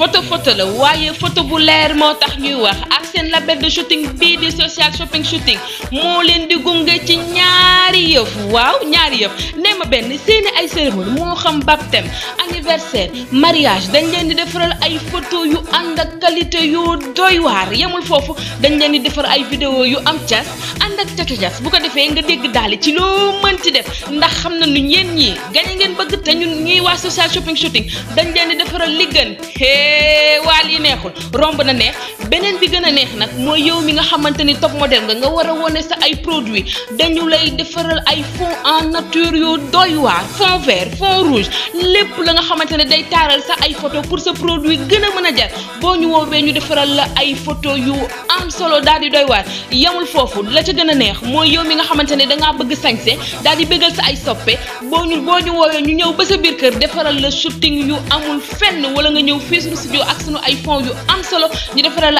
photo photo la waaye photo bu leer moo tax ñuy wax sen label de shooting bi di social shopping shooting mo len di gungé ci ñaari yeuf waw ñaari yeuf nee ma benn seeni ay cérémonie mo xam baptême anniversaire mariage dañ leen di you ay photo yu and ak qualité yu doy war yamul fofu dañ leen di defar ay vidéo yu am tias and ak catu tias bu ko defee nga dégg dal ci mën ci def ndax xam na ngeen bëgg té ñun ñi wa social shopping shooting dañ leen di defaral li gën hee waa neexul romb na neex benen bi gëna neex nak mooy yow mi nga xamanteni top model nga nga wara woné sa ay produit dañu lay defaral ay fond en nature yo doy waar fond vert fond rouge lepp la nga xamanteni day taral sa ay photo pour sa produit gëna mëna jar ñu wowe ñu la ay photo yu am solo daal di doy waar yamul fofu la ci gëna neex mooy yow mi nga xamanteni da nga bëgg sañsé daal di bëggal sa ay soppé bo ñu bo ñu wowe ñu ñëw ba sa biir kër defaral la shooting yu amul fenn wala nga ñëw fi suñu studio ak suñu ay fond yu am solo ñu defaral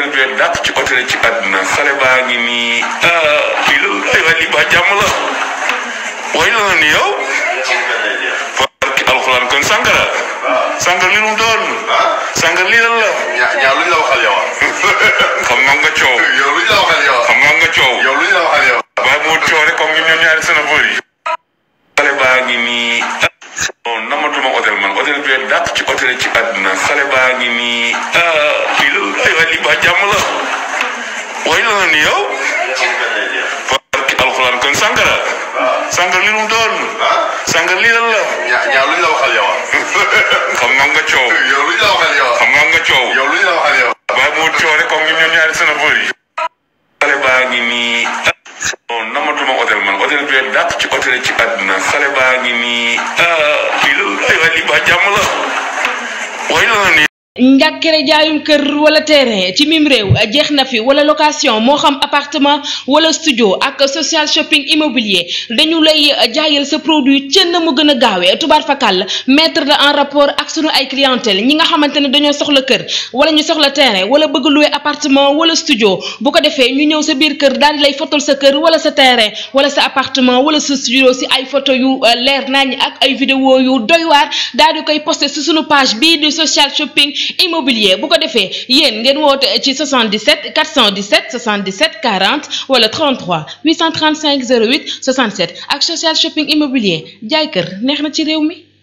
hôtel bi dàq ci hôtel ci àdduna xale baa ngi nii ah kii la aywa ba la way la ni yow barki kon sàngara sàngar li mu doon sàngar lii la ñaa luñ la waxal yow xam nga nga yow luñ la waxal yow xam nga yow luñ la waxal yow dàq ci hôtel ci àdduna xale baa ngi nii ah lii la ba jàmm la way la ni yow. barki alxuraan kon Sankara. Sankara li mu doon. Sankara lii lan la. ñaa ñaa luñ la waxal yow. xam nga nga lu leen dàpp ci oto ci àdduna xale baa ngi nii ah kii la aywa lii ba jàmm la. njàkkere jaayum keur wala terrain ci mim rew jeexna fi wala location mo xam appartement wala studio ak social shopping immobilier dañu lay jaayal sa produit ci na mu gëna gaawé tubar tubaar fakal mettre de en rapport ak sunu ay clientèle ñi nga xamante dañu soxla keur wala ñu soxla terrain wala bëgg louer appartement wala studio bu ko défé ñu ñëw sa biir keur dal di lay fotol sa keur wala sa terrain wala sa appartement wala sa studio si ay photo yu euh, leer nañ ak ay vidéo yu doy waar dal di koy posté ci sunu page bi social shopping immobilier bu ko faits, Yen, ngeen woote 77 417 77 40 wala 33 835 08 67 ak social shopping immobilier jay kër nexna pas, ci